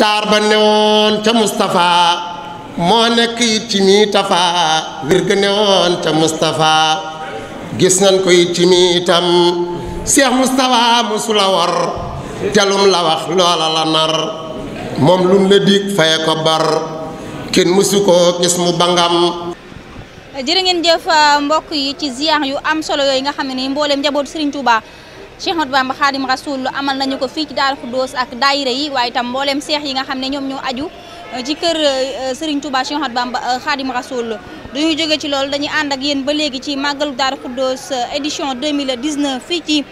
taar ba newoon ca Moustapha moo nekk it ci mii tafa wér ga newoon ca Moustapha gis nañ ko it ci mii itam Cheikh Moustapha mosula war telum la wax loola la nar moom lun la dig faye ko bar kenn mosu koo gis mu bangam jërë ngeen jëf mbokk yi ci ziar yu am solo yooyu nga xam ne nii mbooleem njaboot Serigne Touba Cheikh Ahmadou Bamba Xaadim Rasoul amal nañu ko fii ci Daaru Xuddoos ak daayira yi waaye itam mbooleem seex yi nga xam ne ñoom ñoo aju uh, ci kër uh, Serigne Touba Cheikh Ahmadou Bamba Xaadim uh, Rasoul duñu jóge ci loolu dañuy ànd yéen ba léegi ci màggalu Daaru Xuddoos édition 2019 fii ci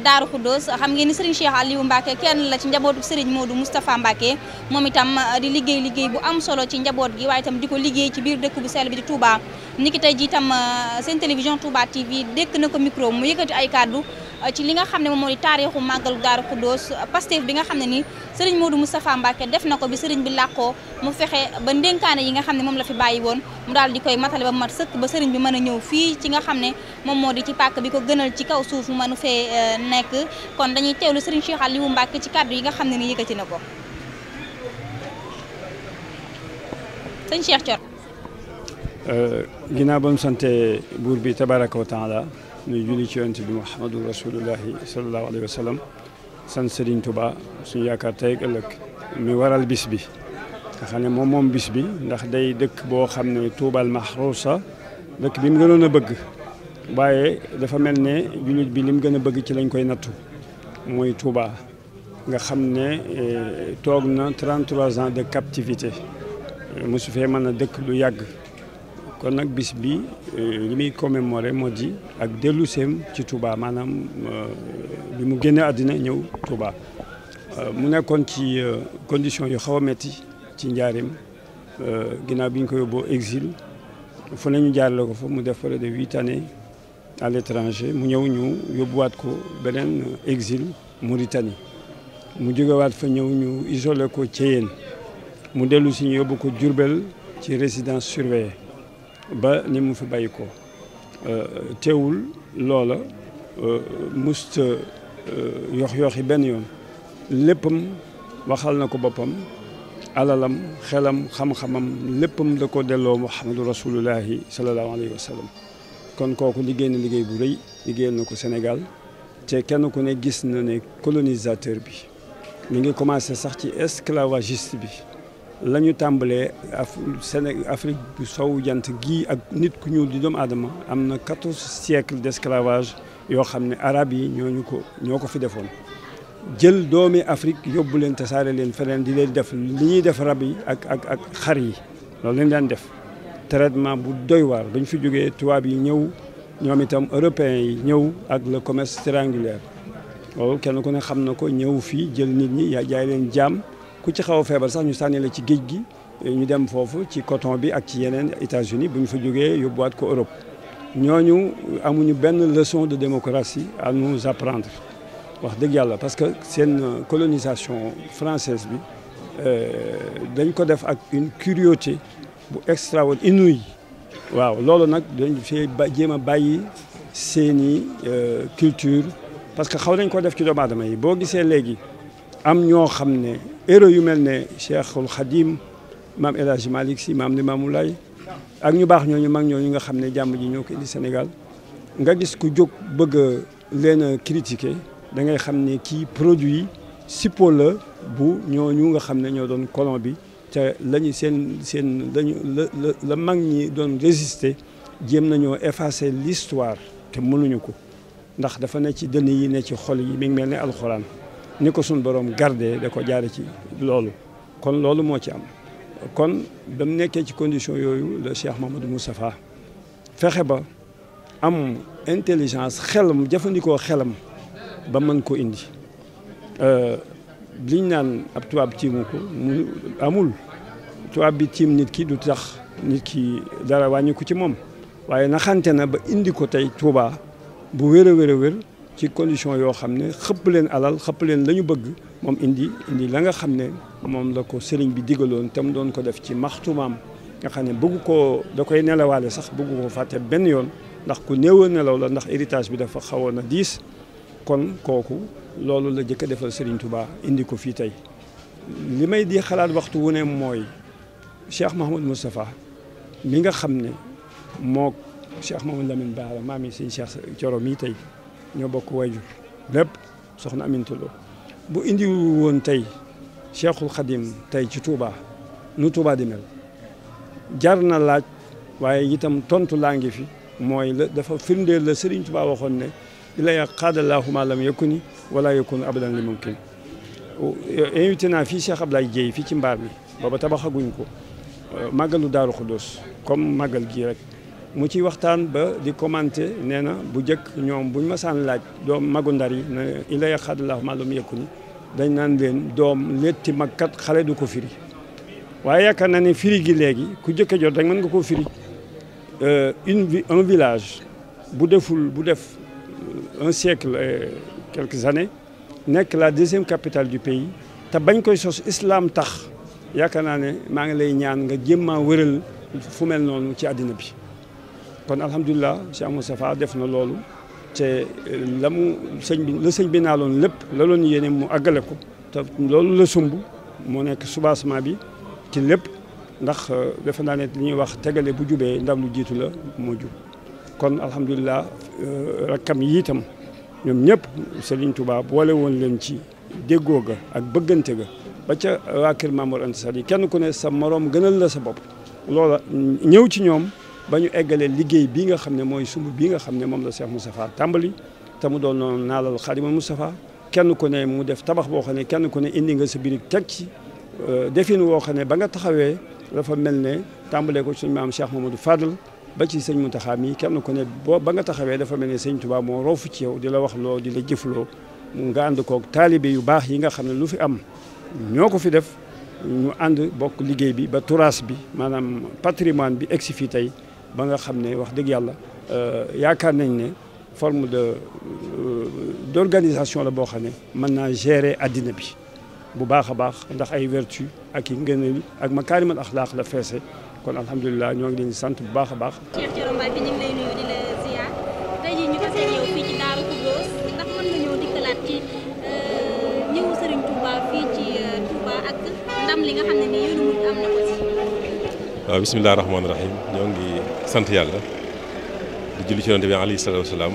Daaru Xuddoos xam ngeen ni Serigne Cheikh Mbacke kenn la ci njabootu Serigne Modou Moustapha Mbacke moom itam di liggéey liggéey bu am solo ci njaboot gi waaye itam di ko liggéey ci biir dëkk bu sell bi di Touba. niki tey jii itam seen télévision Touba TV dékk na ko micro mu yëkkati ay kàddu ci li nga xam ne moom moo di taarixu màggalu Daaru Xuddoos Pastef bi nga xam ne ni sëriñ Modou Moustapha Mbacke def na ko bi sëriñ bi làqoo mu fexe ba ndénkaane yi nga xam ne moom la fi bàyyi woon mu daal di koy matale ba mat sëkk ba sëriñ bi mën a ñëw fii ci nga xam ne moom moo di ci pàkk bi ko gënal ci kaw suuf mu mënu fee euh, nekk kon dañuy teewlu sëriñ Cheikh Aliou Mbacke ci kàddu yi nga xam ne ni yëkkati na ko sëñ Cheikh Thior euh, ba mu sante buur ñuy julli ci yonent bi Muhammadu rasulullahi sallallahu alayhi wa sallam sant Serigne Touba suñu yaakaar tey ëllëg mu waral bis bi nga xam ne moom moom bis bi ndax day dëkk boo xam ne tuubal mahruusa dëkk bi mu gënoon a bëgg waaye dafa mel ne jullit bi li mu gën a bëgg ci lañ koy nattu mooy Touba nga xam ne eh, toog na 33 ans de captivité mosu fee mën a dëkk lu yàgg kon nag bis bi euh, li muy commémoré moo di ak dellu seem ci Touba maanaam euh, bi mu génnee àddina ñëw Touba euh, mu nekkoon ci condition yu xaw a metti ci njaareem ginnaaw bi ñu ko yóbboo exil fa la ñu jaarale ko fa mu def près de huit années à l'étranger mu ñëw ñu yóbbuwaat ko beneen exil Mauritanie mu jógewaat fa ñëw ñu isolé ko Thiéyène mu dellu si ñu yóbbu ko Diourbel ci résidence surveillée ba ni mu fi bàyyi ko euh, teewul loola euh, musta euh, yox yoxi benn yoon léppam waxal na ko boppam alalam xelam xam-xamam léppam da ko delloo muhammadu rasulullahi sallallahu alayhi wa sallam kon kooku liggéey na liggéey bu rëy liggéeyal na ko Sénégal te kenn ku ne gis na ne colonisateur bi mi ngi commencé sax ci esclavagiste bi lañu ñu tàmbalee af Afrique bu sowu jant gii ak nit ku ñuul di doomu aadama am na quatorze d'esclavage yoo xam ne arab yi ñooñu ko ñoo ko fi defoon jël doomi Afrique yóbbu leen tasaare leen feneen di leen def li ñuy def rab yi ak ak xar yi loolu leen daan def traitement bu doy waar dañ fi jógee tubaab yi ñëw ñoom itam européens yi ñëw ak le commerce triangulaire loolu kenn ku ne xam na ko ñëw fii jël nit ñi yaa jaay leen jaam ku ci xaw a feebar sax ñu sànni la ci géej gi ñu dem foofu ci coton bi ak ci yeneen États-Unis bu ñu fa jógee yóbbuwaat ko Europe ñooñu amuñu benn leçon de démocratie à nous apprendre wax dëgg yàlla parce que seen colonisation française bi euh, dañ ko def ak une curiosité bu extraordinaire inouïe waaw loolu nag dañ fee jéem a bàyyi seeni euh, culture parce que xaw nañ ko def ci doomu aadama yi boo gisee léegi am ñoo xam ne héros yu mel ne Cheikhul Khadim maam El Hadj Malick Sy maam Limamou Laye ak ñu baax ñoo ñu mag ñoo ñooñu nga xam ne jàmm ji ñoo ko indi Sénégal nga gis ku jóg bëgg a leen a critiquer da ngay xam ne kii produit suppôt la bu ñu nga xam ne ñoo doon colon bi te lañu seen seen lañu la la mag ñi doon résister jéem nañoo effacer l'histoire te mënuñu ko ndax dafa ne ci dënn yi ne ci xol yi mi mel ne alxuraan. ni ko suñ borom garde da ko jaare ci loolu kon loolu moo ci am kon ba mu nekkee ci condition yooyu le Cheikh Mamadou Moustapha fexe ba am intelligence xelam jëfandikoo xelam ba mën ko indi euh, liñ naan ab tubaab tiimu ko mu amul tubaab bi tiim nit ki du tax nit ki dara wàññiku ci moom waaye naxante na ba indi ko tey Tuubaa bu wér a wér wér ci condition yoo xam ne xëpp leen alal xëpp leen lañu bëgg moom indi indi la nga xam ne moom la ko sëriñ bi digaloon te mu doon ko def ci maxtumaam nga xam ne bëgg koo da koy nelawaale sax bëgg ko fàtte benn yoon ndax ku néewa nelaw la ndax héritage bi dafa xawoon a diis kon kooku loolu la jëkk a defal sëriñ tubaa indi ko fii tey li may di xalaat waxtu wu ne mooy Cheikh Mahamoud Moustapha mi nga xam ne moo Cheikh Mahamoud Lamine Baara maam yi sëñ Cheikh Thioro mii tey ñoo bokk waajur lépp soxna Aminta bu indi woon tey Cheikhul Khadim tey ci Touba nu Touba di mel jar na laaj waaye itam tontu laa ngi fi mooy la dafa firndeel la Serigne Touba waxoon ne ilaa qaadallaahu maa lam yakuni wala yakun abadan li mumkin invité naa fii Cheikh Abdoulaye Dieye fii ci mbaar mi booba tabaxaguñ ko màggalu Daaru Xudoos comme màggal gii rek mu ci waxtaan ba di commenter nee na bu njëkk ñoom buñ ma laaj doom magu ndar yi ne ila yaxadullahu maalum yekku ni dañ naan leen doom létti mag kat xale du ko firi waaye yaakaar naa ne firi gi léegi ku njëkk a jot rek mën nga koo firi euh, une un village bu deful bu def euh, un siècle quelque quelques nekk la deuxième capitale du pays te bañ koy sos islam tax yaakaar naa ne maa ngi lay ñaan nga jéem a wëral fu mel noonu ci àddina bi kon si alhamdulilah Cheikh Moustapha def na loolu te eh, la mu sëñ bi la naa loon lépp la loon yéene mu àggale ko te loolu la sumb moo nekk soubassement bi ci lépp ndax eh, defe naa ne ñuy wax tegale bu jubee ndam lu jiitu la moo jub kon alhamdulilah eh, rakkam yi yiitam ñoom ñëpp Serigne tubaab boole woon leen ci déggoo ga ak bëggante ga ba ca waa kër Mamour Anta yi kenn ku ne sa moroom gënal la sa bopp loola ñëw ci ñoom. ba ñu eggalee liggéey bii nga xam ne mooy sumb bii nga xam ne moom la Cheikh Moustapha tàmbali te mu doon noonu naalal Xaadimal Moustapha kenn ku ne mu def tabax boo xam ne kenn ku ne indi nga sa birig teg ci euh, defin woo xam ne ba nga taxawee dafa mel ne tàmbalee ko suñu maam Cheikh Mamadou Fadal ba ci sëñ Mountakha mii kenn ku ne boo ba nga taxawee dafa mel ne sëñ Touba moo roofu ci yow di la wax loo di la jëfloo mu nga ànd koog taalibe yu baax yi nga xam ne lu fi am ñoo ko fi def ñu ànd bokk liggéey bi ba turas bi maanaam patrimoine bi egsi fii tey ba nga xam ne wax dëgg yàlla euh, yaakaar nañ ne forme de euh, d' la boo xam ne mën naa gérer addina bi bu baax a baax ndax ay vertu ak i ngëneel ak makaarimal axlaaq la feese kon alhamdulilah ñoo ngi leen di sant bu baax a baax. Cheikh Thioro ndax mën nga ñëw dikkalaat ci euh, ñëw Serigne Touba fii ci Touba ak ndam li nga xam ne nii yoonu mujj am na ko si. sant yàlla di julli ci yonent bi alayhi salaatu wasalaam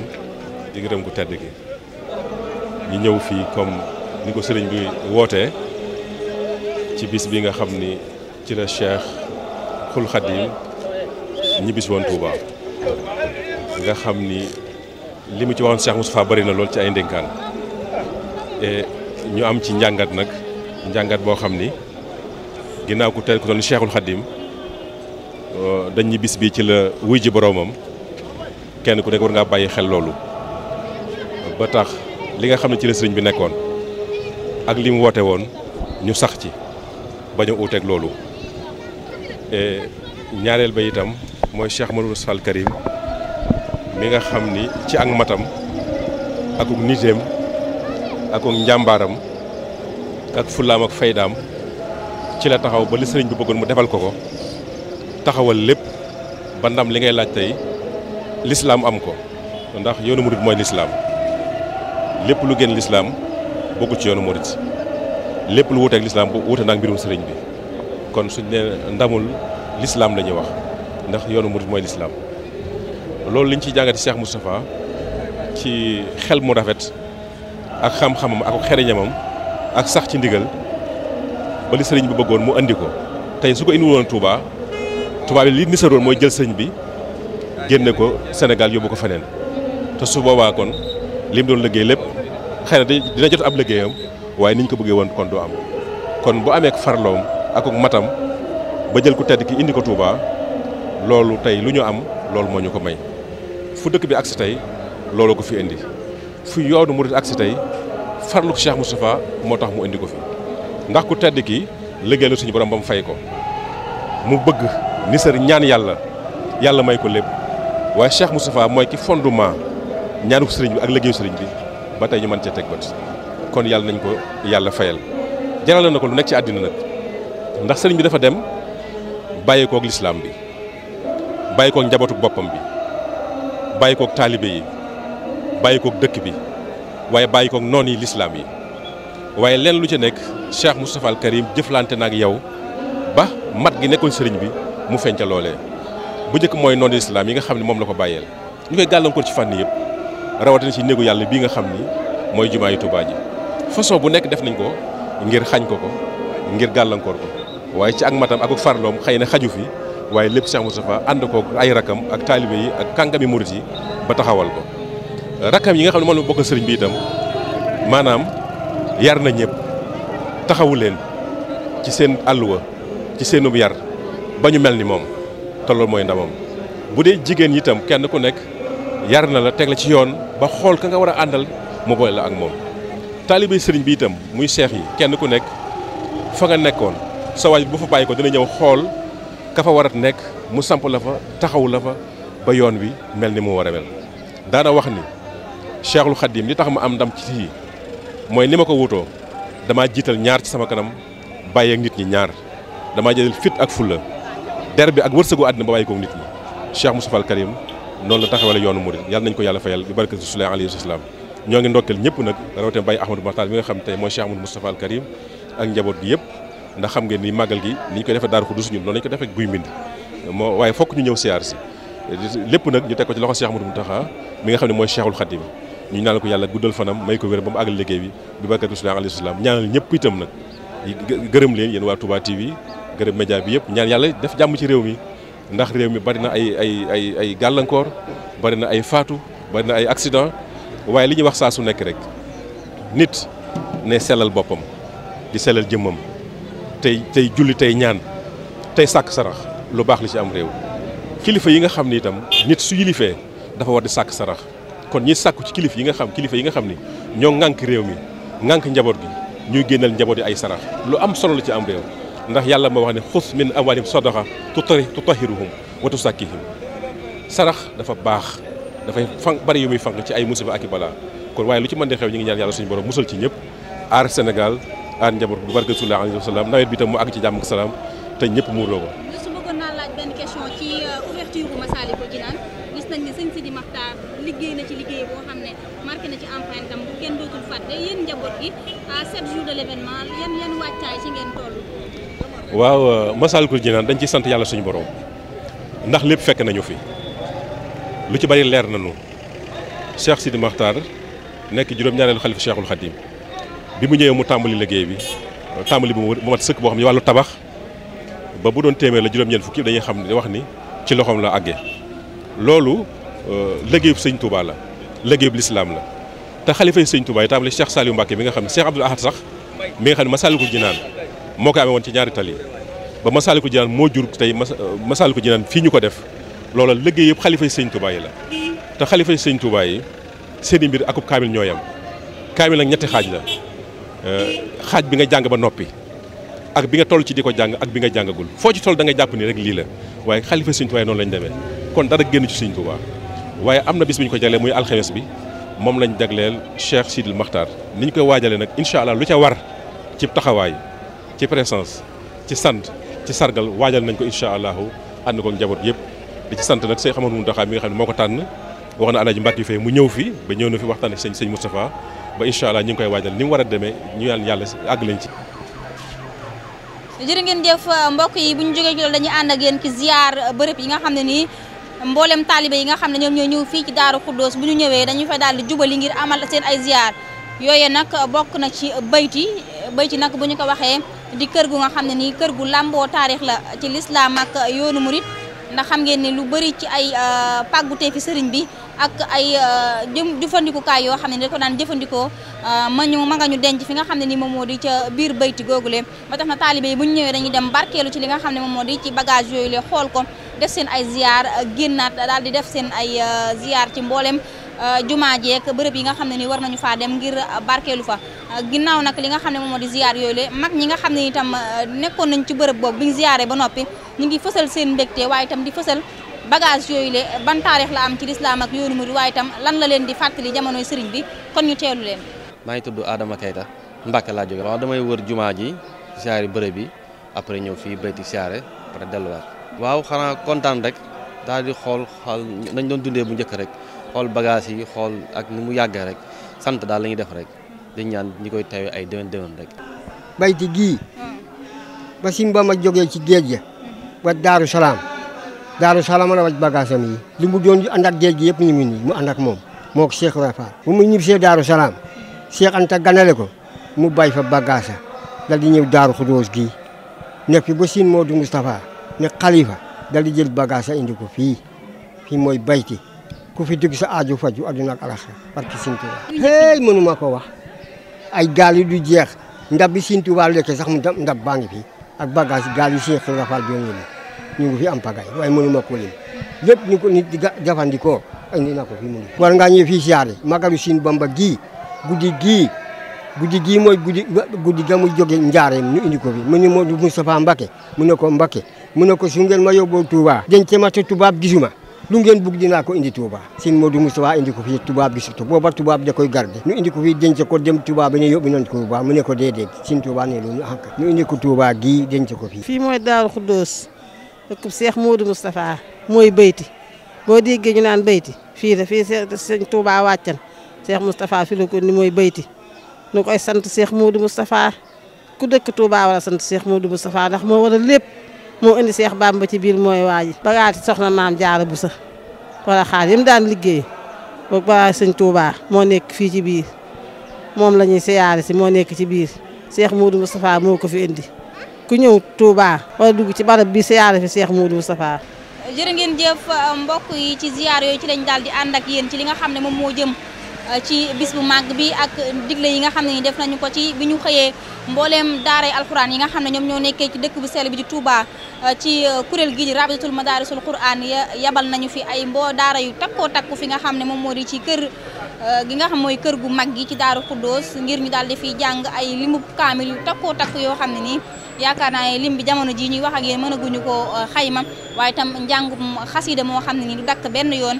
di ku tedd gi ñu ñëw fii comme ni ko sëriñ bi wootee ci bis bi nga xam ni ci la Cheikh Khul Khadim ñibbis woon Touba nga xam ni li mu ci waxoon Cheikh Moustapha bari na lool ci ay ndénkaan e ñu am ci njàngat nag njàngat boo xam ni ginnaaw ku tedd ku doon Cheikhul Khadim Euh, dañ ñi bis bi ci la wuy ji boroomam kenn ku nekk war ngaa bàyyi xel loolu ba tax li nga xam ne ci la sëriñ bi nekkoon ak li mu woote woon ñu sax ci bañ a uuteeg loolu ñaareel ba itam mooy Cheikh Manou Sall Karim mi nga xam ni ci ak matam akuk niteem akuk njàmbaaram ak fullaam ak faydaam ci la taxaw ba li sëriñ bi bëggoon mu defal ko ko taxawal lépp ba ndam li ngay laaj tey lislaam am ko ndax yoonu murit mooy lislaam lépp lu génn lislaam bokku ci yoonu murit lépp lu wuteeg lislaam wute naag mbirum sëriñ bi kon suñ ne ndamul lislaam la wax ndax yoonu murit mooy lislaam loolu li ñu ciy jàngati Cheikh Moustapha ci xel mu rafet ak xam-xamam ak xereñamam ak sax ci ndigal ba li sëriñ bi bëggoon mu indi ko tey su ko indiwoon Touba tubaab yi li ni mooy jël sëñ bi génne ko Sénégal yóbbu ko feneen te su boobaa kon li mu doon liggéey lépp xëy na dina jot ab liggéeyam waaye niñ ko bëggee woon kon du am kon bu amee farloom ak matam ba jël ku tedd ki indi ko Touba loolu tey lu ñu am loolu moo ñu ko may fu dëkk bi agsi tey loolu ko fi indi fu yoonu murit agsi tey farlu mu Moustapha moo tax mu indi ko fi ndax ku tedd ki liggéeyal suñu borom ba mu fay ko mu bëgg nisar ñaan yàlla yàlla may ko lépp waaye Cheikh Moustapha mooy ki fondement ñaanu ko sëriñ bi ak liggéeyu sëriñ bi ba tey ñu man cee teg bët kon yàlla nañ ko yàlla fayal jaral na ko lu nekk ci àddina nag ndax sëriñ bi dafa dem bàyyi koog lislaam bi bàyyi koog njabootu boppam bi bàyyi koog taalibe yi bàyyi koog dëkk bi waaye bàyyi koog noon yi lislaam yi waaye leen lu ci nekk Cheikh Moustapha al Karim jëflante na ak yow ba mat gi nekkoon sëriñ bi mu feeñ ca loolee bu njëkk mooy noonu islam yi nga xam ne moom la ko bàyyeel ñu koy gàllankoor ci fànn yëpp rawatina ci néegu yàlla bii nga xam ni mooy jumaa yu Tuubaa bu nekk def nañ ko ngir xañ ko ko ngir gàllankoor ko waaye ci ak matam ak farloom xëy na xaju fi waaye lépp Cheikh Moustapha ànd ko ay rakam ak taalibe yi ak kàngami murit yi ba taxawal ko rakam yi nga xam ne moom la bokk sëriñ bi itam maanaam yar na ñëpp taxawu leen ci seen àlluwa ci seenum yar ba ñu mel ni moom te mooy ndamam bu dee jigéen yi itam kenn ku nekk yar na la teg la ci yoon ba xool ka nga war a àndal mu boole la ak moom. taalibe sëriñ bi itam muy seex yi kenn ku nekk fa nga nekkoon sa waay bu fa bàyyi ko dina ñëw xool ka fa war a nekk mu samp la fa taxawu la fa ba yoon wi mel ni mu war a mel daana wax ni Cheikhul Khadim li tax ma am ndam ci lii mooy ni ma ko wutoo damaa jiital ñaar ci sama kanam bàyyeek nit ñi ñaar damaa jël ak fulla der bi ak wërsëgu àddina ba bàyyi koog nit ñi Cheikh Moustapha Al noonu la taxawale yoonu murid yàlla nañu ko yàlla fayal bi barke Rasulullah alayhi salaam ñoo ngi ndokkeel ñëpp nag rawatina Baye Ahmadou Mahtar xam tey mooy Cheikh ni ñu koy defee Daaru ko defee Guy Mbind moo waaye fokk ñu ñëw siyaar si ko ci loxo Cheikh Ahmadou Mountakha mi nga xam ne mooy Cheikhul Khadim ñu ñaanal ko yàlla guddal fanam may ko wér ba mu àggal liggéey bi bi barke Rasulullah alayhi salaam ñaanal ñëpp itam gërëm leen yéen waa Touba TV gërëm média bi yëpp ñaan yàlla def jàmm ci réew mi ndax réew mi bari na ay ay ay ay gàllankoor bari na ay faatu bari na ay accident waaye li ñuy wax saa su nekk rek nit ne sellal boppam di sellal jëmmam tey tey julli tey ñaan tey sàkk sarax lu baax li ci am réew kilifa yi nga xam ni itam nit su yilifee dafa war di sàkk sarax kon ñi sàkku ci kilifa yi nga xam kilifa yi nga xam ni ñoo ŋànk réew mi ŋànk njaboot gi ñuy génnal njaboot yi ay sarax lu am solo la ci am réew ndax yàlla moo wax ne xus min amwaalihim sadaqa tutahhiruhum wa tuzakkihim sarax dafa baax dafay fan bari yu muy fànq ci ay musiba ak i balaa kon waaye lu ci man di xew ñu ngi ñaan yàlla suñu borom musal ci ñëpp aar Sénégal aar njaboot bu barke Rasulullah alayhi wa nawet bi tam mu àgg ci jàmm salaam te ñëpp muuroo ko. su bëggoon naa laaj benn question ci euh, ouverture Massalikul Jinaan gis nañ ne sëñ Sidi Makhtar liggéey liggéey na ci empreinte waaw euh, Masaalikul Jinaan dañ ci sant yàlla suñu borom ndax lépp fekk nañu fi lu ci bari leer nañu Cheikh Sidi Makhtar nekk juróom-ñaareelu xalifa Cheikhul Khadim bi mu ñëwee mu tàmbali liggéey bi tàmbali bu mu mat sëkk boo xam ne wàllu tabax ba bu doon téeméer la juróom-ñeent fukki dañuy xam ne wax ni ci loxoom la àggee loolu euh, liggéeyub sëñ Touba la liggéeyub lislaam la te xalifa yi sëñ Touba yi tàmbali Cheikh Saliou Mbacke mi nga xam ne Cheikh Abdoul Ahad sax mi nga xam ne Masaalikul moo ko amee woon ci ñaari tali ba Masaalikul Jinaan moo jur tey Masaalikul Jinaan fii ñu ko def loola léggéey yëpp xalifa yi sëñ Touba yi la te xalifa yi sëñ Touba yi seen i mbir akub kaamil ñooy am kaamil nag ñetti xaaj la euh, xaaj bi nga jàng ba noppi ak bi nga toll ci di ko jàng ak bi nga jàngagul foo ci toll da nga jàpp ni rek lii la waaye xalifa sëñ Touba yi noonu lañ demee kon dara génn ci sëñ Touba waaye am na bis bi ñu ko jaglee muy alxames bi moom lañ jagleel Cheikh Sidil Makhtar ni ñu koy waajalee nag incha allah lu ca war ci taxawaay ci présence ci sant ci sargal waajal nañ ko incha allahu ànd ko njaboot yëpp di ci sant nag Cheikh mu Mountakha mi nga xam ne moo ko tànn wax na Alaaji mu ñëw fi ba ñëw na fi waxtaan ak sëñ sëñ Moustapha ba incha allah ñu ngi koy waajal ni mu war a demee ñu yàlla yàlla àgg lañ ci. jërë ngeen jëf mbokk yi nga xam ne nii mboolem taalibe yi nga xam ne ñoom ñoo ñëw fii ci Daaru Xuddoos bu ñu ñëwee dañu fay daal di jubali ngir amal seen ay ziar yooyu nag bokk na ci bayti bayti nag bu ñu ko waxee di kër gu nga xam ne nii kër gu làmboo taarix la ci lislaam ak yoonu murit ndax xam ngeen ni lu bëri ci ay euh, pàggutee fi sëriñ bi ak ay euh, jëm jëfandikukaay yoo xam ne ni da ko daan jëfandikoo euh, ma ñu ma nga ñu denc fi nga xam ne ni moom moo di ca biir bayti googule ba tax na taalibe yi bu ñu ñëwee dañuy dem barkeelu ci li nga xam ne moom moo di ci bagage yooyu le xool ko def seen ay ziar génnaat daal di def seen ay ziar ci mbooleem Euh, jumaa jeek bërëb yi nga xam ne nii war nañu faa dem ngir barkeelu fa euh, ginnaaw nag li nga xam ne moom moo di ziar yooyu le mag ñi nga xam ne itam euh, nekkoon nañ ci bërëb boobu bi ñu ziaree ba noppi ñu ngi fësal seen mbégte waaye itam di fësal bagage yooyu le ban taarix la am ci lislaam ak yoonu murid waaye itam lan la leen di fàttali jamonoy sëriñ bi kon ñu teelu leen maa ngi tudd Adama Keita Mbàkke laa jóge waaw damay wër jumaa ji ziar bërëb yi après ñëw fii bayti ziare après delluwaat waaw xanaa kontaan rek daal di xool xool nañ doon dundee bu njëkk rek xool bagage yi xool ak ni mu yàggee rek sant daal la def rek dañ ñaan ñi koy teewee ay déwén déwén rek. bayti gii ba si ba ma jógee ci géej gi ba Daaru Salaam Daaru Salaam la waj bagage am li mu doon ànd ak géej gi yëpp ñu ngi nii mu ànd ak moom moo ko Cheikh Rafa bu mu ñib see Daaru Salaam Cheikh Anta ganale ko mu bay fa bagage dal di ñëw Daaru Xudóos gii nekk fi ba siin Modou Moustapha ne xalifa dal di jël bagage indi ko fii fii mooy bayti ku fi dugg sa aaju faju adduna ak alaxira barki Sëñ Tuubaa hey mënuma ko wax ay gaal yi du jeex ndab bi Sëñ Tuubaa lekkee sax mu ndab baa ngi fi ak bagage gaal yi Seex Ibra Faal doon yóbbu ñu fi am pagay waaye mënuma ko lim lépp ni ko nit jafandikoo indi na war ngaa ñëw fii siyaare magalu Sëñ Bamba gii guddi gii guddi gii mooy guddi guddi ga mu jóge njaareem ñu indi ko fi mu ne moo mu ne ko Mbacke mu ne ko su ngeen ma yóbboo Touba dencee ma te gisuma lu ngeen bugg dinaa ko indi Touba sin Modou Moustapha indi ko fii tubaab gi surtout booba tubaab da koy garde ñu indi ko fii denc ko dem Touba bi ne yóbbu nañ Touba mu ne ko déedéet sin Touba ne loolu anka ñu indi ko Touba gii denc ko fii fii mooy Daaru Xuddoos dëkkub Seex Modou Moustapha mooy bayti boo déggee ñu naan bayti fii la fii sëñ Touba wàccan Seex Moustapha fi la ko ni mooy bayti nu koy sant Seex Modou Moustapha ku dëkk Touba war a sant Seex Modou Moustapha ndax moo war a lépp moo indi Seex ba ci biir mooy waa ji bagaati soxna maam jaara bu sa wala xaar yim daan liggéey boog bagaati sëñ Tuubaa moo nekk fii ci biir moom lañuy ñuy si moo nekk ci biir Seex Muudu Mustafaa moo ko fi ku ñëw Touba wala dugg ci barab bi siyaare fi Seex Muudu Mustafaa jërë ngeen jëf mbokk yi ci ziyaar ci lañ daal di ànd ak ci li nga xam ne moom moo jëm ci bis bu màgg bi ak digle yi nga xam ne ni def nañu ko ci bi ñu xëyee mbooleem daaray alxuraan yi nga xam ne ñoom ñoo nekkee ci dëkk bu sell bi euh, ci Touba euh, ci kuréel gi di rabitul madarisul quran yabal nañu fi ay mboo daara yu takkoo takku fi nga xam ne moom moo di ci kër euh, gi nga xam mooy kër gu mag gi ci daaru xuddoos ngir ñu daal di fiy jàng ay limub kaamil yu takkoo takku yoo xam ne nii yaakaar naa ne lim bi jamono ji ñuy wax ak yéen mën a guñu ko xayma waaye itam njàngum xasida moo xam ne nii du dakk benn yoon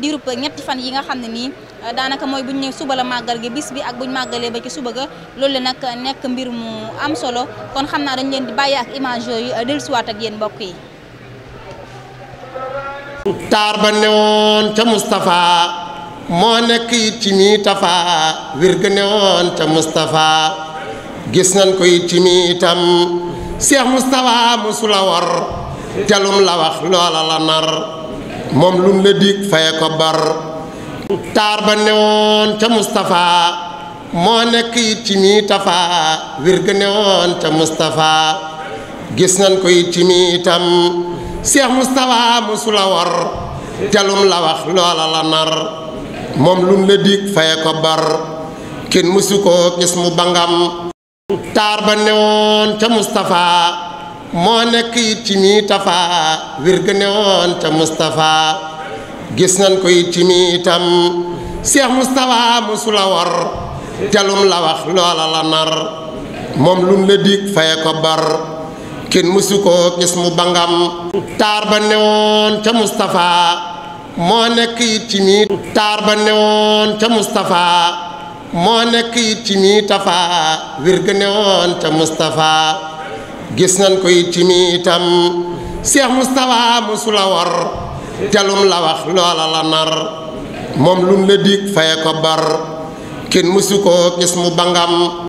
diirub ñetti fan yi nga xam ne nii daanaka mooy buñ ñu ñëw suba la màggal gi bis bi ak bu ñu màggalee ba ci suba ga loolu la nag nekk mbir mu am solo kon xam naa dañ leen di bàyyi ak image yooyu euh, dellusiwaat ak yéen mbokk yi. taar ba newoon ca Moustapha moo nekk it ci mii tafa wir ga gis nañ ko it ci mii itam Cheikh Moustapha mosula war telum la wax loola la nar moom lum la dig faye ko bar. taar ba newoon ca Moustapha moo nekk it ci mii tafa wér ga ca Moustapha gis nañ ko it ci mii itam Cheikh Moustapha mosu la telum la wax loola la nar moom lum la dig faye ko bar kenn mosu koo gis mu bangam taar ba newoon ca Moustapha moo nekk it ci mii tafa wér ga ca Moustapha gis nañ ko itam Cheikh Moustapha musula war telum la wax loola la nar moom lum la dig faye ko bar kenn musu ko gis mu bangam taar ba newoon ca Moustapha moo nekk it ci mii taar nañ ko it itam Cheikh Moustapha musula war telum la wax loola la nar moom lun la dig faye ko bar kenn mësu koo gis mu bangam